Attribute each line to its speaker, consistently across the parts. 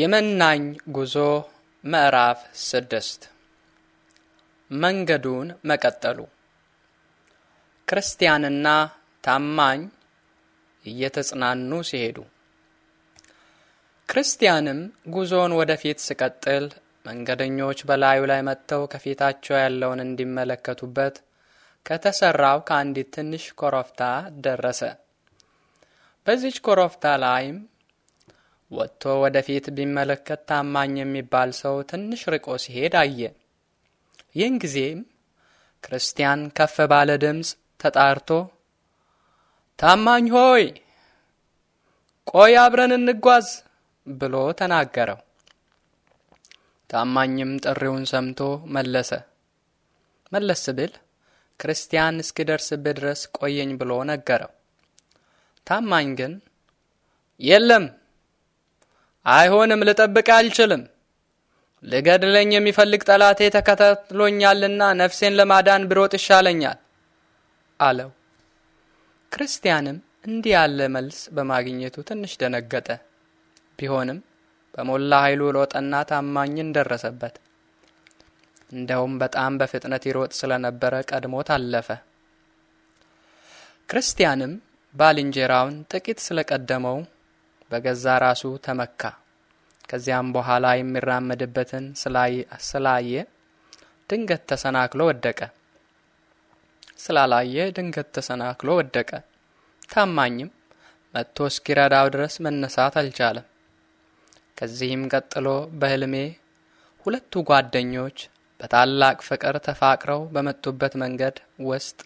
Speaker 1: የመናኝ ጉዞ ምዕራፍ ስድስት መንገዱን መቀጠሉ ክርስቲያንና ታማኝ እየተጽናኑ ሲሄዱ ክርስቲያንም ጉዞውን ወደፊት ስቀጥል መንገደኞች በላዩ ላይ መጥተው ከፊታቸው ያለውን እንዲመለከቱበት ከተሰራው ከአንዲት ትንሽ ኮረብታ ደረሰ። በዚች ኮረብታ ላይም ወጥቶ ወደፊት ቢመለከት ታማኝ የሚባል ሰው ትንሽ ርቆ ሲሄድ አየ። ይህን ጊዜም ክርስቲያን ከፍ ባለ ድምፅ ተጣርቶ ታማኝ ሆይ ቆይ አብረን እንጓዝ ብሎ ተናገረው። ታማኝም ጥሪውን ሰምቶ መለሰ። መለስ ብል ክርስቲያን እስኪደርስብህ ድረስ ቆየኝ ብሎ ነገረው። ታማኝ ግን የለም አይሆንም፣ ልጠብቅ አልችልም። ልገድለኝ የሚፈልግ ጠላቴ ተከታትሎኛልና ነፍሴን ለማዳን ብሮጥ ይሻለኛል አለው። ክርስቲያንም እንዲህ ያለ መልስ በማግኘቱ ትንሽ ደነገጠ። ቢሆንም በሞላ ኃይሉ ሮጠና ታማኝን ደረሰበት። እንደውም በጣም በፍጥነት ይሮጥ ስለነበረ ቀድሞ ታለፈ። ክርስቲያንም ባልንጀራውን ጥቂት ስለቀደመው በገዛ ራሱ ተመካ። ከዚያም በኋላ የሚራመድበትን ስላየ ድንገት ተሰናክሎ ወደቀ። ስላላየ ድንገት ተሰናክሎ ወደቀ። ታማኝም መጥቶ እስኪረዳው ድረስ መነሳት አልቻለም። ከዚህም ቀጥሎ በህልሜ ሁለቱ ጓደኞች በታላቅ ፍቅር ተፋቅረው በመጡበት መንገድ ውስጥ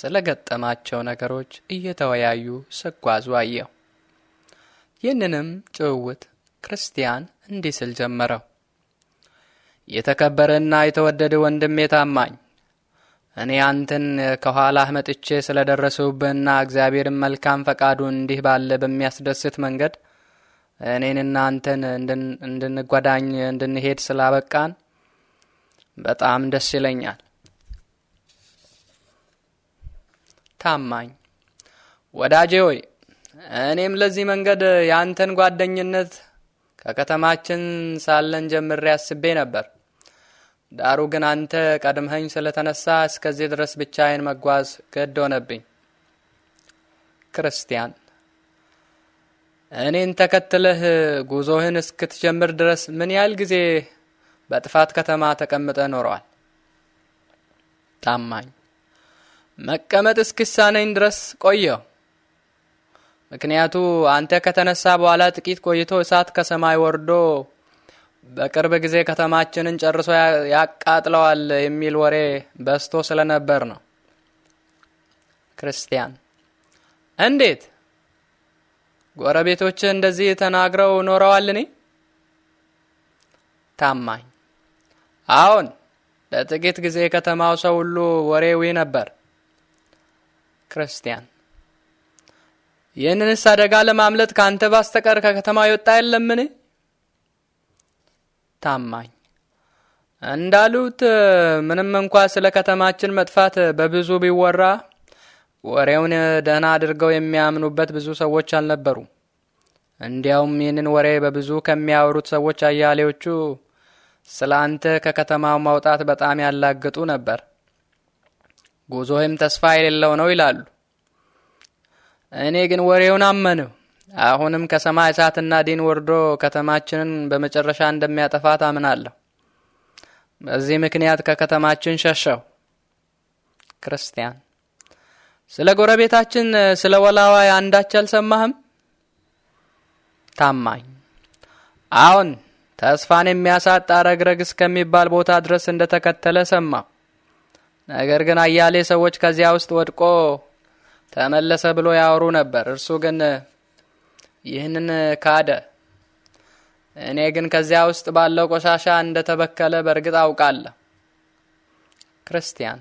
Speaker 1: ስለ ገጠማቸው ነገሮች እየተወያዩ ስጓዙ አየሁ። ይህንንም ጭውውት ክርስቲያን እንዲህ ስል ጀመረው። የተከበረና የተወደደ ወንድሜ ታማኝ፣ እኔ አንተን ከኋላህ መጥቼ ስለ ደረሱብህና እግዚአብሔርን መልካም ፈቃዱ እንዲህ ባለ በሚያስደስት መንገድ እኔንና አንተን እንድንጓዳኝ እንድንሄድ ስላበቃን በጣም ደስ ይለኛል። ታማኝ ወዳጄ ሆይ እኔም ለዚህ መንገድ ያንተን ጓደኝነት ከከተማችን ሳለን ጀምሬ አስቤ ነበር። ዳሩ ግን አንተ ቀድመኸኝ ስለተነሳ እስከዚህ ድረስ ብቻዬን መጓዝ ግድ ሆነብኝ። ክርስቲያን እኔን ተከትለህ ጉዞህን እስክትጀምር ድረስ ምን ያህል ጊዜ በጥፋት ከተማ ተቀምጠ ኖረዋል? ታማኝ መቀመጥ እስኪሳነኝ ድረስ ቆየው። ምክንያቱ አንተ ከተነሳ በኋላ ጥቂት ቆይቶ እሳት ከሰማይ ወርዶ በቅርብ ጊዜ ከተማችንን ጨርሶ ያቃጥለዋል የሚል ወሬ በስቶ ስለነበር ነው። ክርስቲያን እንዴት ጎረቤቶች እንደዚህ ተናግረው ኖረዋልን ታማኝ አሁን ለጥቂት ጊዜ ከተማው ሰው ሁሉ ወሬዊ ነበር። ክርስቲያን ይህንንስ አደጋ ለማምለጥ ከአንተ ባስተቀር ከከተማ የወጣ የለምን? ታማኝ እንዳሉት ምንም እንኳ ስለ ከተማችን መጥፋት በብዙ ቢወራ ወሬውን ደህና አድርገው የሚያምኑበት ብዙ ሰዎች አልነበሩ። እንዲያውም ይህንን ወሬ በብዙ ከሚያወሩት ሰዎች አያሌዎቹ ስለ አንተ ከከተማው ማውጣት በጣም ያላግጡ ነበር። ጉዞህም ተስፋ የሌለው ነው ይላሉ። እኔ ግን ወሬውን አመንሁ። አሁንም ከሰማይ እሳትና ዲን ወርዶ ከተማችንን በመጨረሻ እንደሚያጠፋት አምናለሁ። በዚህ ምክንያት ከከተማችን ሸሸው። ክርስቲያን ስለ ጎረቤታችን ስለ ወላዋይ አንዳች አልሰማህም? ታማኝ አሁን ተስፋን የሚያሳጣ ረግረግ እስከሚባል ቦታ ድረስ እንደተከተለ ሰማሁ። ነገር ግን አያሌ ሰዎች ከዚያ ውስጥ ወድቆ ተመለሰ ብሎ ያወሩ ነበር። እርሱ ግን ይህንን ካደ። እኔ ግን ከዚያ ውስጥ ባለው ቆሻሻ እንደ ተበከለ በእርግጥ አውቃለሁ። ክርስቲያን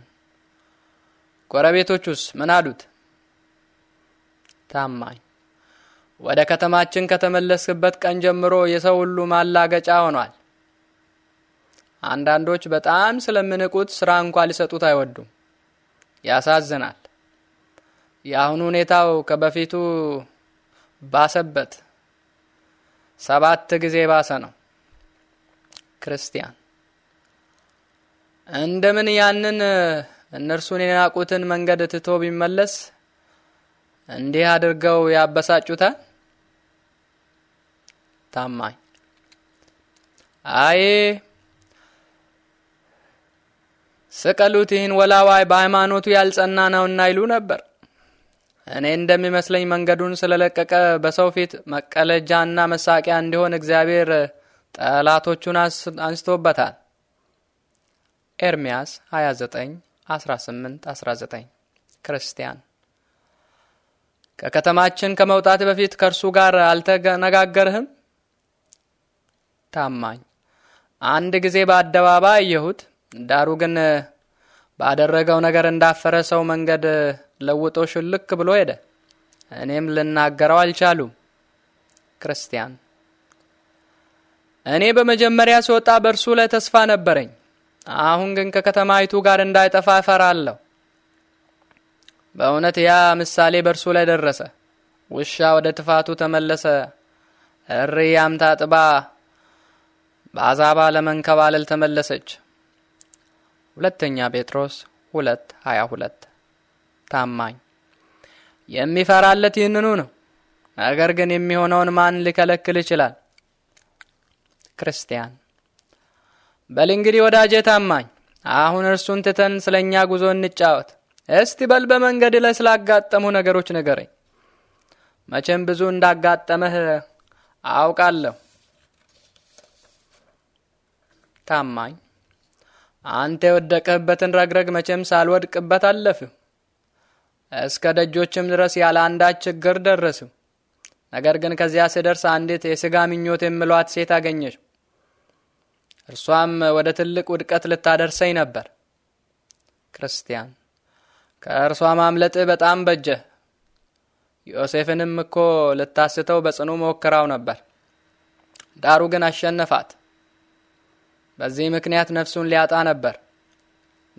Speaker 1: ጎረቤቶቹስ ምን አሉት? ታማኝ ወደ ከተማችን ከተመለስክበት ቀን ጀምሮ የሰው ሁሉ ማላገጫ ሆኗል። አንዳንዶች በጣም ስለምንቁት ስራ እንኳ ሊሰጡት አይወዱም። ያሳዝናል። የአሁኑ ሁኔታው ከበፊቱ ባሰበት፣ ሰባት ጊዜ ባሰ ነው። ክርስቲያን እንደምን ያንን እነርሱን የናቁትን መንገድ ትቶ ቢመለስ እንዲህ አድርገው ያበሳጩታል። ታማኝ አይ ስቀሉት፣ ይህን ወላዋይ በሃይማኖቱ ያልጸና ነውና ይሉ ነበር። እኔ እንደሚመስለኝ መንገዱን ስለለቀቀ በሰው ፊት መቀለጃና መሳቂያ እንዲሆን እግዚአብሔር ጠላቶቹን አንስቶበታል። ኤርምያስ 29 18 19 ክርስቲያን ከከተማችን ከመውጣት በፊት ከእርሱ ጋር አልተነጋገርህም? ታማኝ አንድ ጊዜ በአደባባይ አየሁት፣ ዳሩ ግን ባደረገው ነገር እንዳፈረ ሰው መንገድ ለውጦ ሽልክ ብሎ ሄደ። እኔም ልናገረው አልቻሉም። ክርስቲያን እኔ በመጀመሪያ ስወጣ በእርሱ ላይ ተስፋ ነበረኝ። አሁን ግን ከከተማይቱ ጋር እንዳይጠፋ እፈራለሁ። በእውነት ያ ምሳሌ በእርሱ ላይ ደረሰ። ውሻ ወደ ትፋቱ ተመለሰ። እርያም ታጥባ በአዛባ ለመንከባለል ተመለሰች። ሁለተኛ ጴጥሮስ ሁለት ሀያ ሁለት ታማኝ የሚፈራለት ይህንኑ ነው። ነገር ግን የሚሆነውን ማን ሊከለክል ይችላል? ክርስቲያን በል እንግዲህ ወዳጄ ታማኝ፣ አሁን እርሱን ትተን ስለ እኛ ጉዞ እንጫወት። እስቲ በል በመንገድ ላይ ስላጋጠሙ ነገሮች ንገረኝ። መቼም ብዙ እንዳጋጠመህ አውቃለሁ። ታማኝ አንተ የወደቅህበትን ረግረግ መቼም ሳልወድቅበት አለፍህ። እስከ ደጆችም ድረስ ያለ አንዳች ችግር ደረስም። ነገር ግን ከዚያ ስደርስ አንዲት የሥጋ ምኞት የምሏት ሴት አገኘች። እርሷም ወደ ትልቅ ውድቀት ልታደርሰኝ ነበር። ክርስቲያን ከእርሷ ማምለጥ በጣም በጀ። ዮሴፍንም እኮ ልታስተው በጽኑ ሞክራው ነበር። ዳሩ ግን አሸነፋት። በዚህ ምክንያት ነፍሱን ሊያጣ ነበር።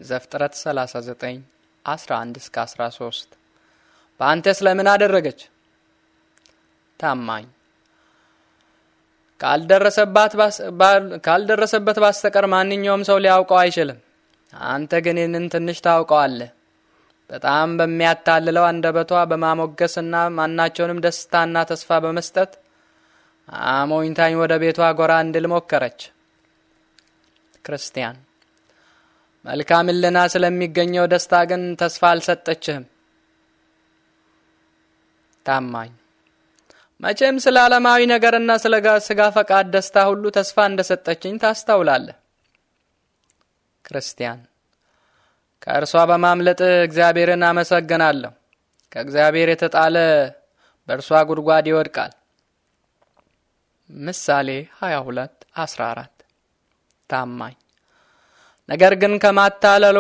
Speaker 1: ዘፍጥረት 39 11 እስከ 13 በአንተ ስለምን አደረገች? ታማኝ ካልደረሰበት ባስተቀር ማንኛውም ሰው ሊያውቀው አይችልም። አንተ ግን ይህንን ትንሽ ታውቀዋለህ። በጣም በሚያታልለው አንደበቷ በማሞገስና ማናቸውንም ደስታና ተስፋ በመስጠት አሞኝታኝ ወደ ቤቷ ጎራ እንድል ሞከረች። ክርስቲያን መልካም ልና ስለሚገኘው ደስታ ግን ተስፋ አልሰጠችህም። ታማኝ መቼም ስለ ዓለማዊ ነገርና ስለ ስጋ ፈቃድ ደስታ ሁሉ ተስፋ እንደሰጠችኝ ታስታውላለህ። ክርስቲያን ከእርሷ በማምለጥ እግዚአብሔርን አመሰግናለሁ። ከእግዚአብሔር የተጣለ በእርሷ ጉድጓድ ይወድቃል። ምሳሌ 22 14 ታማኝ ነገር ግን ከማታለሏ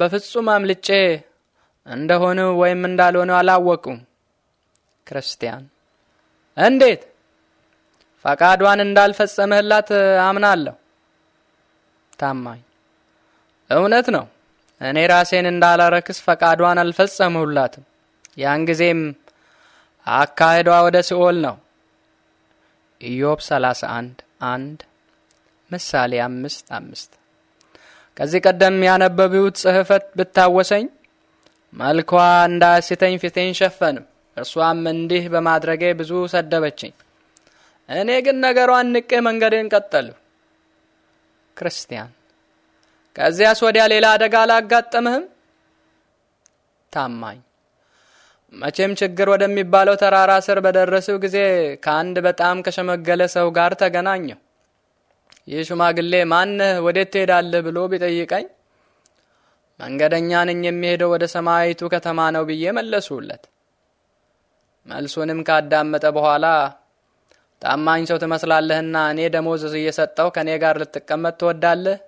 Speaker 1: በፍጹም አምልጬ እንደሆነ ወይም እንዳልሆነ አላወቁም። ክርስቲያን እንዴት ፈቃዷን እንዳልፈጸምህላት አምናለሁ። ታማኝ እውነት ነው። እኔ ራሴን እንዳላረክስ ፈቃዷን አልፈጸምሁላትም። ያን ጊዜም አካሄዷ ወደ ሲኦል ነው። ኢዮብ 31 1 ምሳሌ አምስት አምስት ከዚህ ቀደም ያነበብሁት ጽሕፈት ብታወሰኝ መልኳ እንዳያስተኝ ፊቴን ሸፈንም። እርሷም እንዲህ በማድረጌ ብዙ ሰደበችኝ። እኔ ግን ነገሯን ንቄ መንገዴን ቀጠሉ። ክርስቲያን ከዚያስ ወዲያ ሌላ አደጋ አላጋጠምህም? ታማኝ መቼም ችግር ወደሚባለው ተራራ ስር በደረስው ጊዜ ከአንድ በጣም ከሸመገለ ሰው ጋር ተገናኘው። ይህ ሽማግሌ ማነህ፣ ወዴት ትሄዳለህ ብሎ ቢጠይቀኝ መንገደኛ ነኝ፣ የሚሄደው ወደ ሰማያዊቱ ከተማ ነው ብዬ መለሱለት። መልሱንም ካዳመጠ በኋላ ታማኝ ሰው ትመስላለህና እኔ ደሞዝ እየሰጠው ከእኔ ጋር ልትቀመጥ ትወዳለህ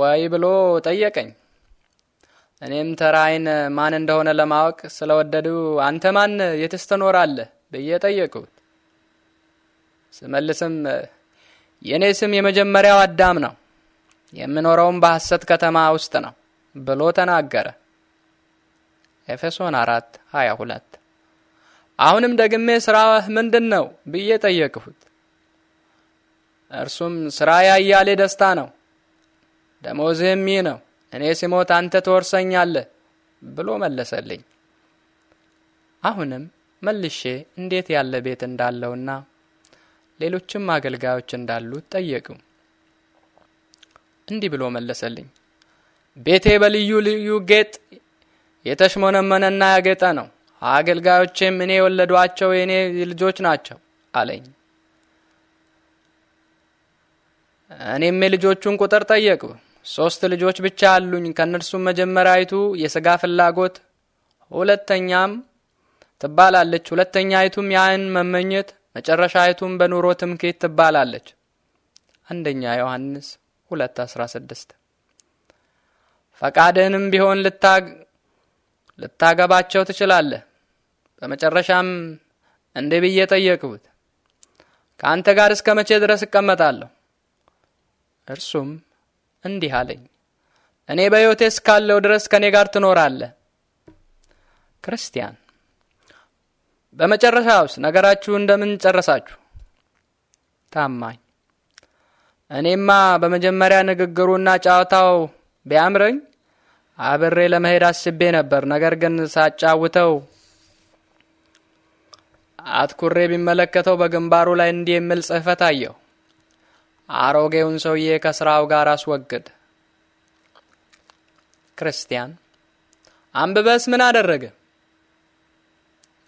Speaker 1: ወይ ብሎ ጠየቀኝ። እኔም ተራይን ማን እንደሆነ ለማወቅ ስለወደዱ አንተ ማን፣ የትስ ትኖራለህ ብዬ ጠየቁት። ስመልስም የእኔ ስም የመጀመሪያው አዳም ነው፣ የምኖረውም በሐሰት ከተማ ውስጥ ነው ብሎ ተናገረ። ኤፌሶን 4 22 አሁንም ደግሜ ሥራህ ምንድን ነው ብዬ ጠየቅሁት። እርሱም ሥራ ያያሌ ደስታ ነው፣ ደሞዝህም ይህ ነው፣ እኔ ሲሞት አንተ ትወርሰኛለህ ብሎ መለሰልኝ። አሁንም መልሼ እንዴት ያለ ቤት እንዳለውና ሌሎችም አገልጋዮች እንዳሉት ጠየቁ። እንዲህ ብሎ መለሰልኝ፣ ቤቴ በልዩ ልዩ ጌጥ የተሽመነመነና ያጌጠ ነው። አገልጋዮቼም እኔ የወለዷቸው የእኔ ልጆች ናቸው አለኝ። እኔም የልጆቹን ቁጥር ጠየቁ። ሶስት ልጆች ብቻ አሉኝ። ከእነርሱም መጀመሪያይቱ የሥጋ ፍላጎት ሁለተኛም ትባላለች፣ ሁለተኛይቱም የአይን መመኘት፣ መጨረሻይቱም በኑሮ ትምክህት ትባላለች። አንደኛ ዮሐንስ 2:16 ፈቃድህንም ቢሆን ልታገባቸው ትችላለህ። በመጨረሻም እንዲህ ብዬ ጠየቅሁት፣ ከአንተ ጋር እስከ መቼ ድረስ እቀመጣለሁ? እርሱም እንዲህ አለኝ፣ እኔ በሕይወቴ እስካለሁ ድረስ ከእኔ ጋር ትኖራለህ። ክርስቲያን በመጨረሻውስ ነገራችሁ እንደምን ጨረሳችሁ? ታማኝ እኔማ በመጀመሪያ ንግግሩና ጨዋታው ቢያምረኝ አብሬ ለመሄድ አስቤ ነበር። ነገር ግን ሳጫውተው አትኩሬ ቢመለከተው በግንባሩ ላይ እንዲህ የሚል ጽሕፈት አየሁ። አሮጌውን ሰውዬ ከስራው ጋር አስወግድ። ክርስቲያን አንብበስ ምን አደረገ?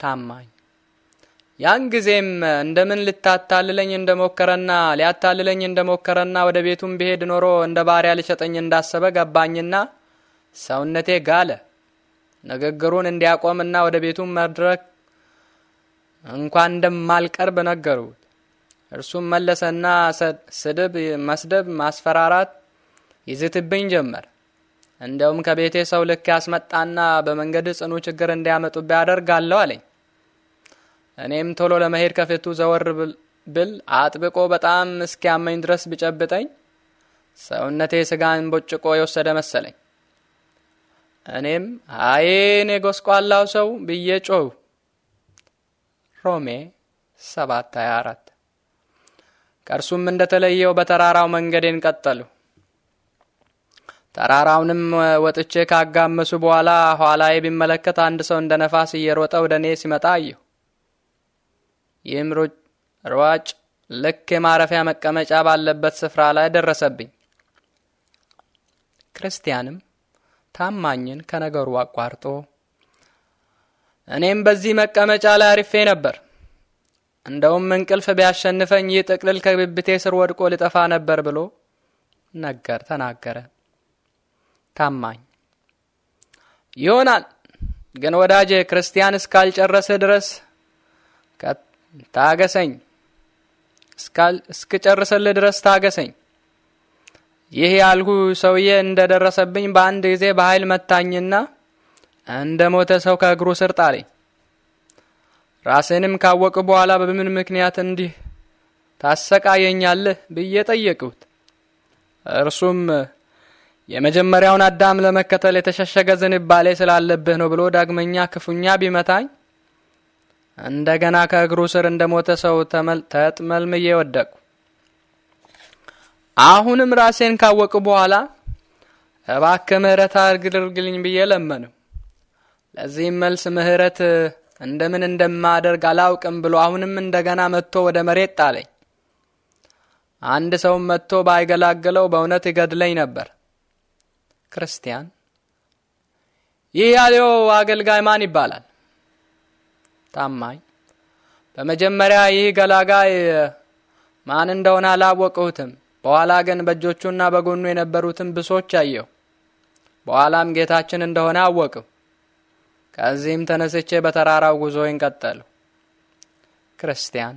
Speaker 1: ታማኝ ያን ጊዜም እንደምን ልታታልለኝ እንደሞከረና ሊያታልለኝ እንደሞከረና ወደ ቤቱም ብሄድ ኖሮ እንደ ባሪያ ሊሸጠኝ እንዳሰበ ገባኝና ሰውነቴ ጋለ። ንግግሩን እንዲያቆምና ወደ ቤቱም መድረክ እንኳን እንደማልቀርብ ነገሩት። እርሱም መለሰና ስድብ፣ መስደብ፣ ማስፈራራት ይዝትብኝ ጀመር። እንደውም ከቤቴ ሰው ልክ ያስመጣና በመንገድ ጽኑ ችግር እንዲያመጡብህ አደርጋለሁ አለኝ። እኔም ቶሎ ለመሄድ ከፊቱ ዘወር ብል አጥብቆ በጣም እስኪያመኝ ድረስ ቢጨብጠኝ ሰውነቴ ስጋን ቦጭቆ የወሰደ መሰለኝ። እኔም አይን የጎስቋላው ሰው ብዬ ጮሁ። ሮሜ 724 ከእርሱም እንደተለየው በተራራው መንገዴን ቀጠሉ። ተራራውንም ወጥቼ ካጋመሱ በኋላ ኋላዬ ቢመለከት አንድ ሰው እንደ ነፋስ እየሮጠ ወደ እኔ ሲመጣ አየሁ። ይህም ሯጭ ልክ የማረፊያ መቀመጫ ባለበት ስፍራ ላይ ደረሰብኝ። ክርስቲያንም ታማኝን ከነገሩ አቋርጦ እኔም በዚህ መቀመጫ ላይ አሪፌ ነበር። እንደውም እንቅልፍ ቢያሸንፈኝ ይህ ጥቅልል ከብብቴ ስር ወድቆ ልጠፋ ነበር ብሎ ነገር ተናገረ። ታማኝ ይሆናል ግን ወዳጄ ክርስቲያን እስካልጨረሰ ድረስ ታገሰኝ፣ እስክጨርስልህ ድረስ ታገሰኝ። ይህ ያልሁ ሰውዬ እንደ ደረሰብኝ በአንድ ጊዜ በኃይል መታኝና እንደ ሞተ ሰው ከእግሩ ስር ጣለኝ። ራሴንም ካወቅ በኋላ በምን ምክንያት እንዲህ ታሰቃየኛለህ ብዬ ጠየቅሁት። እርሱም የመጀመሪያውን አዳም ለመከተል የተሸሸገ ዝንባሌ ስላለብህ ነው ብሎ ዳግመኛ ክፉኛ ቢመታኝ እንደገና ከእግሩ ስር እንደ ሞተ ሰው ተጥመልምዬ ወደቅኩ። አሁንም ራሴን ካወቁ በኋላ እባክ ምህረት አድርግልኝ ብዬ ለመንም። ለዚህም መልስ ምህረት እንደምን እንደማደርግ አላውቅም ብሎ አሁንም እንደገና መጥቶ ወደ መሬት ጣለኝ። አንድ ሰውም መጥቶ ባይገላግለው በእውነት ይገድለኝ ነበር። ክርስቲያን ይህ ያለው አገልጋይ ማን ይባላል? ታማኝ በመጀመሪያ ይህ ገላጋይ ማን እንደሆነ አላወቅሁትም። በኋላ ግን በእጆቹና በጎኑ የነበሩትን ብሶች አየሁ። በኋላም ጌታችን እንደሆነ አወቅሁ። ከዚህም ተነስቼ በተራራው ጉዞዬን ቀጠልሁ። ክርስቲያን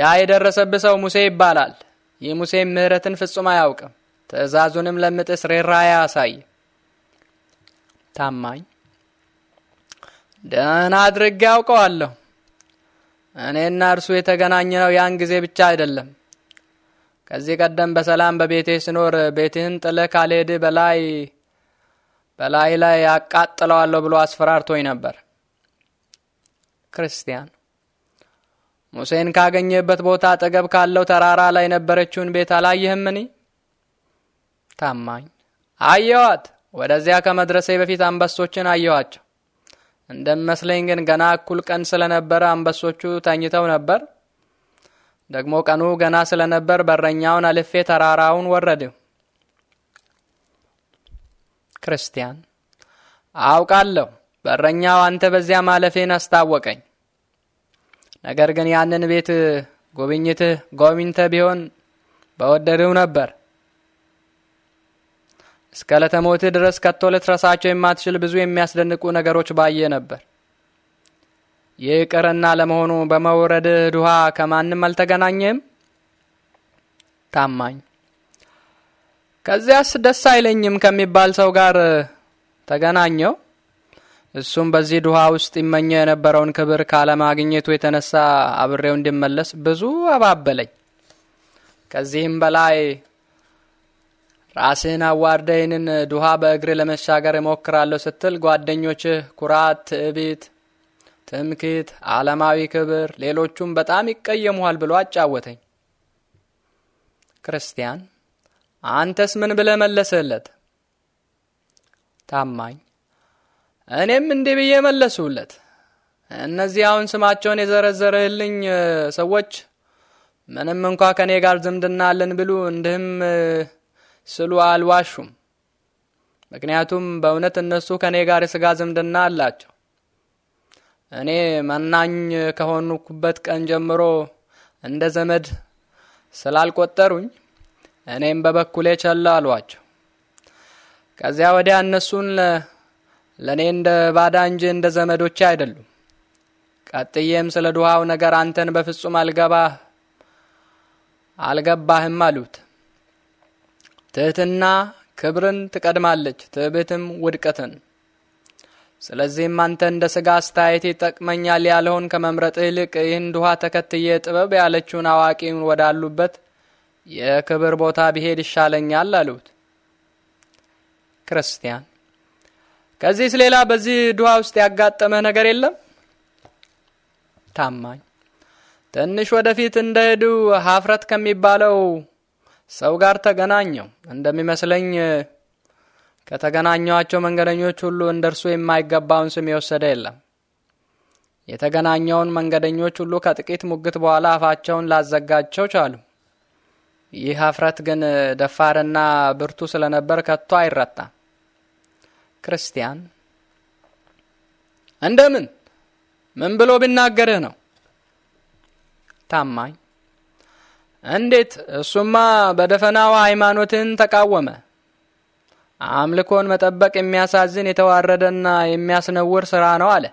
Speaker 1: ያ የደረሰብህ ሰው ሙሴ ይባላል። ይህ ሙሴም ምሕረትን ፍጹም አያውቅም፣ ትእዛዙንም ለምጥስ ሬራ ያሳይ ታማኝ ደህና አድርጌ አውቀዋለሁ! እኔና እርሱ የተገናኘነው ያን ጊዜ ብቻ አይደለም። ከዚህ ቀደም በሰላም በቤቴ ስኖር ቤትህን ጥለህ ካልሄድህ በላይ በላይ ላይ ያቃጥለዋለሁ ብሎ አስፈራርቶኝ ነበር። ክርስቲያን ሙሴን ካገኘበት ቦታ አጠገብ ካለው ተራራ ላይ የነበረችውን ቤት አላየህምኒ? ታማኝ አየዋት ወደዚያ ከመድረሴ በፊት አንበሶችን አየኋቸው። እንደሚመስለኝ ግን ገና እኩል ቀን ስለነበረ አንበሶቹ ተኝተው ነበር። ደግሞ ቀኑ ገና ስለነበር በረኛውን አልፌ ተራራውን ወረድ። ክርስቲያን አውቃለሁ፣ በረኛው አንተ በዚያ ማለፌን አስታወቀኝ። ነገር ግን ያንን ቤት ጉብኝትህ ጎብኝተ ቢሆን በወደድው ነበር። እስከ ዕለተ ሞትህ ድረስ ከቶ ልትረሳቸው የማትችል ብዙ የሚያስደንቁ ነገሮች ባየ ነበር። ይቅርና ለመሆኑ በመውረድህ ድሃ ከማንም አልተገናኘም? ታማኝ ከዚያስ ደስ አይለኝም ከሚባል ሰው ጋር ተገናኘው። እሱም በዚህ ድሃ ውስጥ ይመኘው የነበረውን ክብር ካለማግኘቱ የተነሳ አብሬው እንዲመለስ ብዙ አባበለኝ። ከዚህም በላይ ራስህን አዋርደ ይህንን ድሃ በእግር ለመሻገር እሞክራለሁ ስትል ጓደኞችህ ኩራት፣ ትዕቢት፣ ትምክህት፣ ዓለማዊ ክብር፣ ሌሎቹም በጣም ይቀየሙሃል ብሎ አጫወተኝ። ክርስቲያን አንተስ ምን ብለህ መለሰለት ታማኝ እኔም እንዲህ ብዬ መለሱለት። እነዚህ አሁን ስማቸውን የዘረዘረህልኝ ሰዎች ምንም እንኳ ከእኔ ጋር ዝምድና አለን ብሉ እንድህም ስሉ አልዋሹም። ምክንያቱም በእውነት እነሱ ከእኔ ጋር የሥጋ ዝምድና አላቸው። እኔ መናኝ ከሆኑኩበት ቀን ጀምሮ እንደ ዘመድ ስላልቆጠሩኝ እኔም በበኩሌ ቸል አሏቸው። ከዚያ ወዲያ እነሱን ለእኔ እንደ ባዳ እንጂ እንደ ዘመዶች አይደሉም። ቀጥዬም ስለ ድሃው ነገር አንተን በፍጹም አልገባህ አልገባህም አሉት። ትህትና ክብርን ትቀድማለች፣ ትዕቢትም ውድቀትን። ስለዚህም አንተ እንደ ስጋ አስተያየት ይጠቅመኛል ያለውን ከመምረጥ ይልቅ ይህን ድኋ ተከትዬ ጥበብ ያለችውን አዋቂውን ወዳሉበት የክብር ቦታ ብሄድ ይሻለኛል አሉት። ክርስቲያን ከዚህስ ሌላ በዚህ ድሃ ውስጥ ያጋጠመህ ነገር የለም? ታማኝ ትንሽ ወደፊት እንደሄዱ ሀፍረት ከሚባለው ሰው ጋር ተገናኘው። እንደሚመስለኝ ከተገናኘዋቸው መንገደኞች ሁሉ እንደ እርሱ የማይገባውን ስም የወሰደ የለም። የተገናኘውን መንገደኞች ሁሉ ከጥቂት ሙግት በኋላ አፋቸውን ላዘጋቸው ቻሉ። ይህ አፍረት ግን ደፋርና ብርቱ ስለነበር ከቶ አይረታም። ክርስቲያን እንደምን ምን ብሎ ቢናገርህ ነው ታማኝ እንዴት? እሱማ በደፈናው ሃይማኖትን ተቃወመ። አምልኮን መጠበቅ የሚያሳዝን የተዋረደና የሚያስነውር ስራ ነው አለ።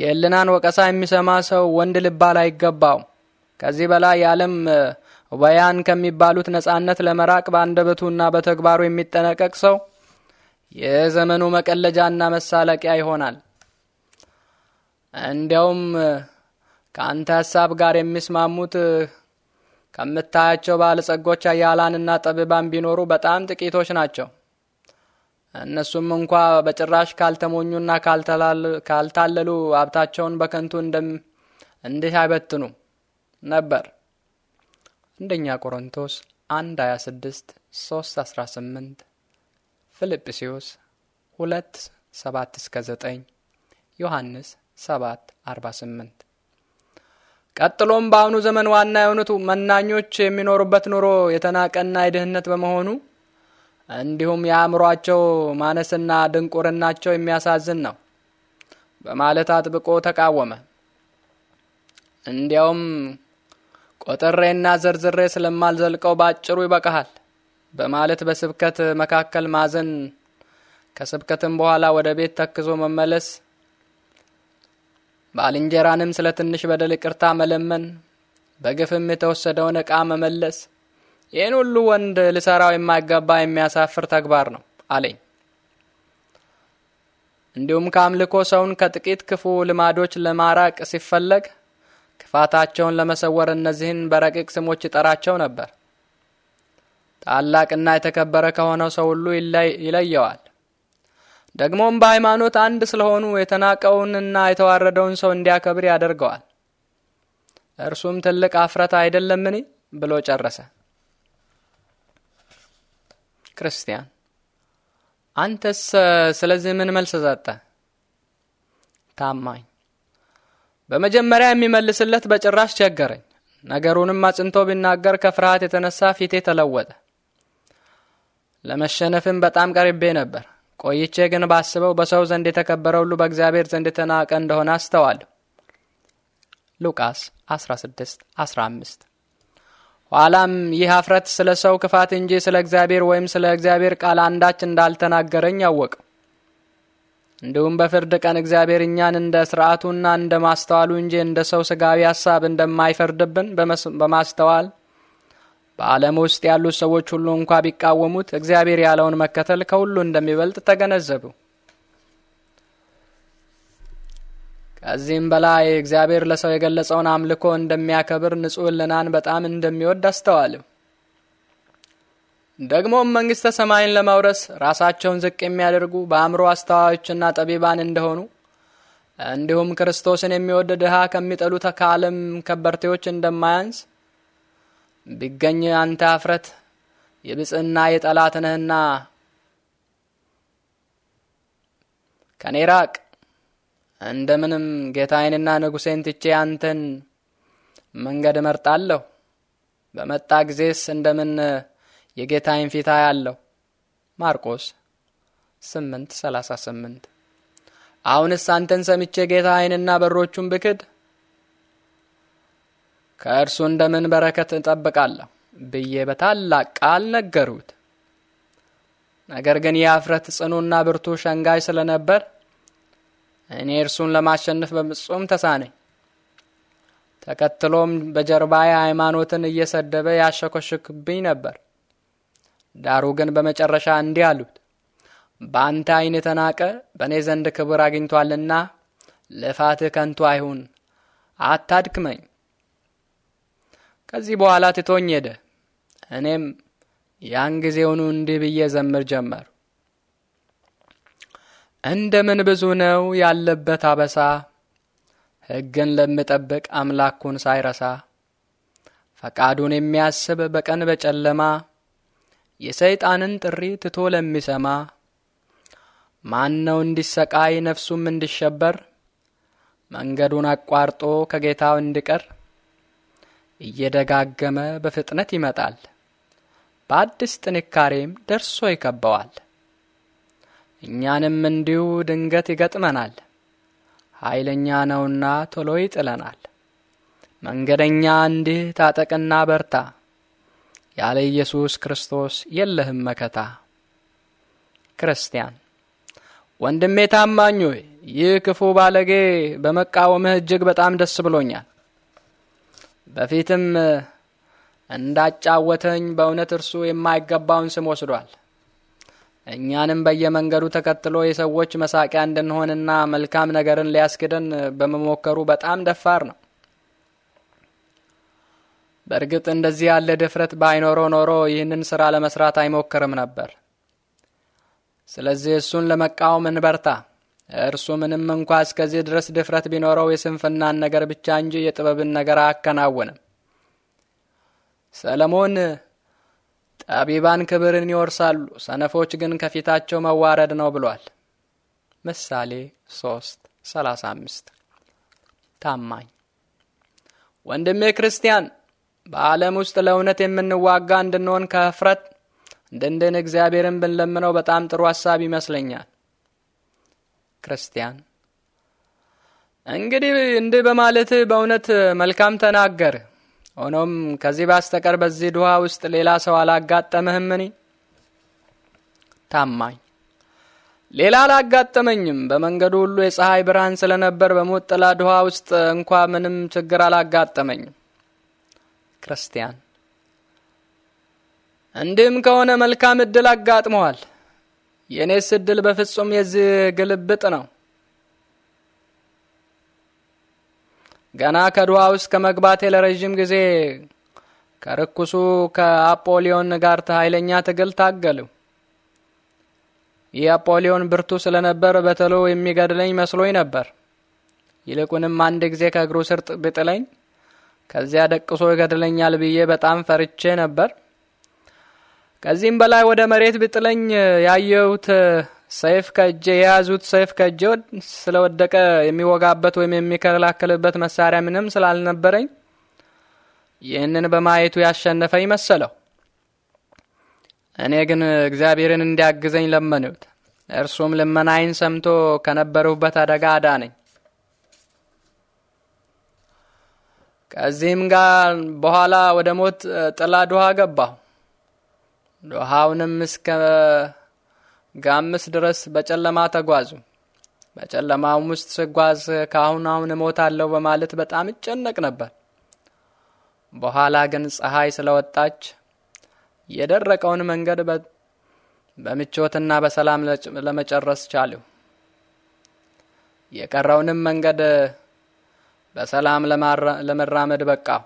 Speaker 1: የእልናን ወቀሳ የሚሰማ ሰው ወንድ ልባል አይገባውም። ከዚህ በላይ የዓለም ወያን ከሚባሉት ነጻነት ለመራቅ በአንደበቱና በተግባሩ የሚጠነቀቅ ሰው የዘመኑ መቀለጃና መሳለቂያ ይሆናል። እንዲያውም ከአንተ ሀሳብ ጋር የሚስማሙት ከምታያቸው ባለጸጎች ኃያላንና ጠቢባን ቢኖሩ በጣም ጥቂቶች ናቸው። እነሱም እንኳ በጭራሽ ካልተሞኙና ካልታለሉ ሀብታቸውን በከንቱ እንዲህ አይበትኑ ነበር። አንደኛ ቆሮንቶስ 1 26 3 18 ፊልጵስዩስ 2 7 እስከ 9 ዮሐንስ 7 48 ቀጥሎም በአሁኑ ዘመን ዋና የሆኑት መናኞች የሚኖሩበት ኑሮ የተናቀና የድህነት በመሆኑ እንዲሁም የአእምሯቸው ማነስና ድንቁርናቸው የሚያሳዝን ነው በማለት አጥብቆ ተቃወመ። እንዲያውም ቆጥሬና ዘርዝሬ ስለማልዘልቀው ባጭሩ ይበቃሃል በማለት በስብከት መካከል ማዘን ከስብከትም በኋላ ወደ ቤት ተክዞ መመለስ ባልንጀራንም ስለ ትንሽ በደል ይቅርታ መለመን፣ በግፍም የተወሰደውን ዕቃ መመለስ፣ ይህን ሁሉ ወንድ ልሰራው የማይገባ የሚያሳፍር ተግባር ነው አለኝ። እንዲሁም ከአምልኮ ሰውን ከጥቂት ክፉ ልማዶች ለማራቅ ሲፈለግ ክፋታቸውን ለመሰወር እነዚህን በረቂቅ ስሞች ይጠራቸው ነበር። ታላቅና የተከበረ ከሆነው ሰው ሁሉ ይለየዋል። ደግሞም በሃይማኖት አንድ ስለሆኑ የተናቀውንና የተዋረደውን ሰው እንዲያከብር ያደርገዋል። እርሱም ትልቅ አፍረት አይደለምን? ብሎ ጨረሰ። ክርስቲያን አንተስ ስለዚህ ምን መልስ ሰጠ? ታማኝ በመጀመሪያ የሚመልስለት በጭራሽ ቸገረኝ። ነገሩንም አጽንቶ ቢናገር ከፍርሃት የተነሳ ፊቴ ተለወጠ። ለመሸነፍም በጣም ቀርቤ ነበር። ቆይቼ ግን ባስበው በሰው ዘንድ የተከበረ ሁሉ በእግዚአብሔር ዘንድ የተናቀ እንደሆነ አስተዋል። ሉቃስ 16 15 ኋላም ይህ አፍረት ስለ ሰው ክፋት እንጂ ስለ እግዚአብሔር ወይም ስለ እግዚአብሔር ቃል አንዳች እንዳልተናገረኝ አወቅ። እንዲሁም በፍርድ ቀን እግዚአብሔር እኛን እንደ ስርዓቱና እንደ ማስተዋሉ እንጂ እንደ ሰው ስጋዊ ሀሳብ እንደማይፈርድብን በማስተዋል በዓለም ውስጥ ያሉት ሰዎች ሁሉ እንኳ ቢቃወሙት እግዚአብሔር ያለውን መከተል ከሁሉ እንደሚበልጥ ተገነዘቡ። ከዚህም በላይ እግዚአብሔር ለሰው የገለጸውን አምልኮ እንደሚያከብር፣ ንጹሕ ልናን በጣም እንደሚወድ አስተዋሉ። ደግሞም መንግሥተ ሰማይን ለመውረስ ራሳቸውን ዝቅ የሚያደርጉ በአእምሮ አስተዋዮችና ጠቢባን እንደሆኑ እንዲሁም ክርስቶስን የሚወድ ድሃ ከሚጠሉ ከዓለም ከበርቴዎች እንደማያንስ ቢገኝ አንተ አፍረት የብጽህና የጠላት ነህና ከኔ ራቅ። እንደምንም ጌታዬንና ንጉሴን ትቼ አንተን መንገድ እመርጣለሁ። በመጣ ጊዜስ እንደምን የጌታዬን ፊት ያለው? ማርቆስ 8 38 አሁንስ አንተን ሰምቼ ጌታዬንና በሮቹን ብክድ ከእርሱ እንደምን በረከት እጠብቃለሁ ብዬ በታላቅ ቃል ነገሩት። ነገር ግን የአፍረት ጽኑና ብርቱ ሸንጋይ ስለነበር እኔ እርሱን ለማሸነፍ በፍጹም ተሳነኝ። ተከትሎም በጀርባዬ ሃይማኖትን እየሰደበ ያሸኮሽክብኝ ነበር። ዳሩ ግን በመጨረሻ እንዲህ አሉት፣ በአንተ ዓይን የተናቀ በእኔ ዘንድ ክብር አግኝቷልና ልፋትህ ከንቱ አይሁን፣ አታድክመኝ ከዚህ በኋላ ትቶኝ ሄደ። እኔም ያን ጊዜውኑ እንዲህ ብዬ ዘምር ጀመር። እንደ ምን ብዙ ነው ያለበት አበሳ ሕግን ለሚጠብቅ አምላኩን ሳይረሳ ፈቃዱን የሚያስብ በቀን በጨለማ የሰይጣንን ጥሪ ትቶ ለሚሰማ ማን ነው እንዲሰቃይ ነፍሱም እንዲሸበር መንገዱን አቋርጦ ከጌታው እንዲቀር እየደጋገመ በፍጥነት ይመጣል፣ በአዲስ ጥንካሬም ደርሶ ይከበዋል። እኛንም እንዲሁ ድንገት ይገጥመናል። ኃይለኛ ነውና ቶሎ ይጥለናል። መንገደኛ እንዲህ ታጠቅና በርታ፣ ያለ ኢየሱስ ክርስቶስ የለህም መከታ። ክርስቲያን ወንድሜ ታማኝ ሆይ ይህ ክፉ ባለጌ በመቃወምህ እጅግ በጣም ደስ ብሎኛል። በፊትም እንዳጫወተኝ በእውነት እርሱ የማይገባውን ስም ወስዷል። እኛንም በየመንገዱ ተከትሎ የሰዎች መሳቂያ እንድንሆንና መልካም ነገርን ሊያስክደን በመሞከሩ በጣም ደፋር ነው። በእርግጥ እንደዚህ ያለ ድፍረት ባይኖረው ኖሮ ይህንን ስራ ለመስራት አይሞክርም ነበር። ስለዚህ እሱን ለመቃወም እንበርታ። እርሱ ምንም እንኳ እስከዚህ ድረስ ድፍረት ቢኖረው የስንፍናን ነገር ብቻ እንጂ የጥበብን ነገር አያከናውንም። ሰለሞን ጠቢባን ክብርን ይወርሳሉ፣ ሰነፎች ግን ከፊታቸው መዋረድ ነው ብሏል። ምሳሌ 3 35 ታማኝ ወንድሜ ክርስቲያን በዓለም ውስጥ ለእውነት የምንዋጋ እንድንሆን ከፍረት እንድንድን እግዚአብሔርን ብንለምነው በጣም ጥሩ ሀሳብ ይመስለኛል። ክርስቲያን እንግዲህ እንዲህ በማለት በእውነት መልካም ተናገር። ሆኖም ከዚህ በስተቀር በዚህ ድሃ ውስጥ ሌላ ሰው አላጋጠምህምን? ታማኝ ሌላ አላጋጠመኝም። በመንገዱ ሁሉ የፀሐይ ብርሃን ስለነበር በሞት ጥላ ድሃ ውስጥ እንኳ ምንም ችግር አላጋጠመኝም። ክርስቲያን እንዲህም ከሆነ መልካም እድል አጋጥመዋል። የእኔስ እድል በፍጹም የዚህ ግልብጥ ነው። ገና ከድዋ ውስጥ ከመግባቴ ለረዥም ጊዜ ከርኩሱ ከአጶሊዮን ጋር ኃይለኛ ትግል ታገሉ። ይህ አጶሊዮን ብርቱ ስለነበር በተሎ የሚገድለኝ መስሎኝ ነበር። ይልቁንም አንድ ጊዜ ከእግሩ ስር ብጥለኝ ከዚያ ደቅሶ ይገድለኛል ብዬ በጣም ፈርቼ ነበር። ከዚህም በላይ ወደ መሬት ብጥለኝ ያየሁት ሰይፍ ከእጄ የያዙት ሰይፍ ከእጄ ስለወደቀ የሚወጋበት ወይም የሚከላከልበት መሳሪያ ምንም ስላልነበረኝ ይህንን በማየቱ ያሸነፈኝ ይመሰለው እኔ ግን እግዚአብሔርን እንዲያግዘኝ ለመንሁት። እርሱም ልመናዬን ሰምቶ ከነበርሁበት አደጋ አዳነኝ። ከዚህም ጋር በኋላ ወደ ሞት ጥላ ድሃ ገባሁ። ዶሃውንም እስከ ጋምስ ድረስ በጨለማ ተጓዙ። በጨለማውም ውስጥ ስጓዝ ከአሁን አሁን እሞታለሁ በማለት በጣም ይጨነቅ ነበር። በኋላ ግን ፀሐይ ስለወጣች የደረቀውን መንገድ በምቾትና በሰላም ለመጨረስ ቻሉ። የቀረውንም መንገድ በሰላም ለመራመድ በቃው።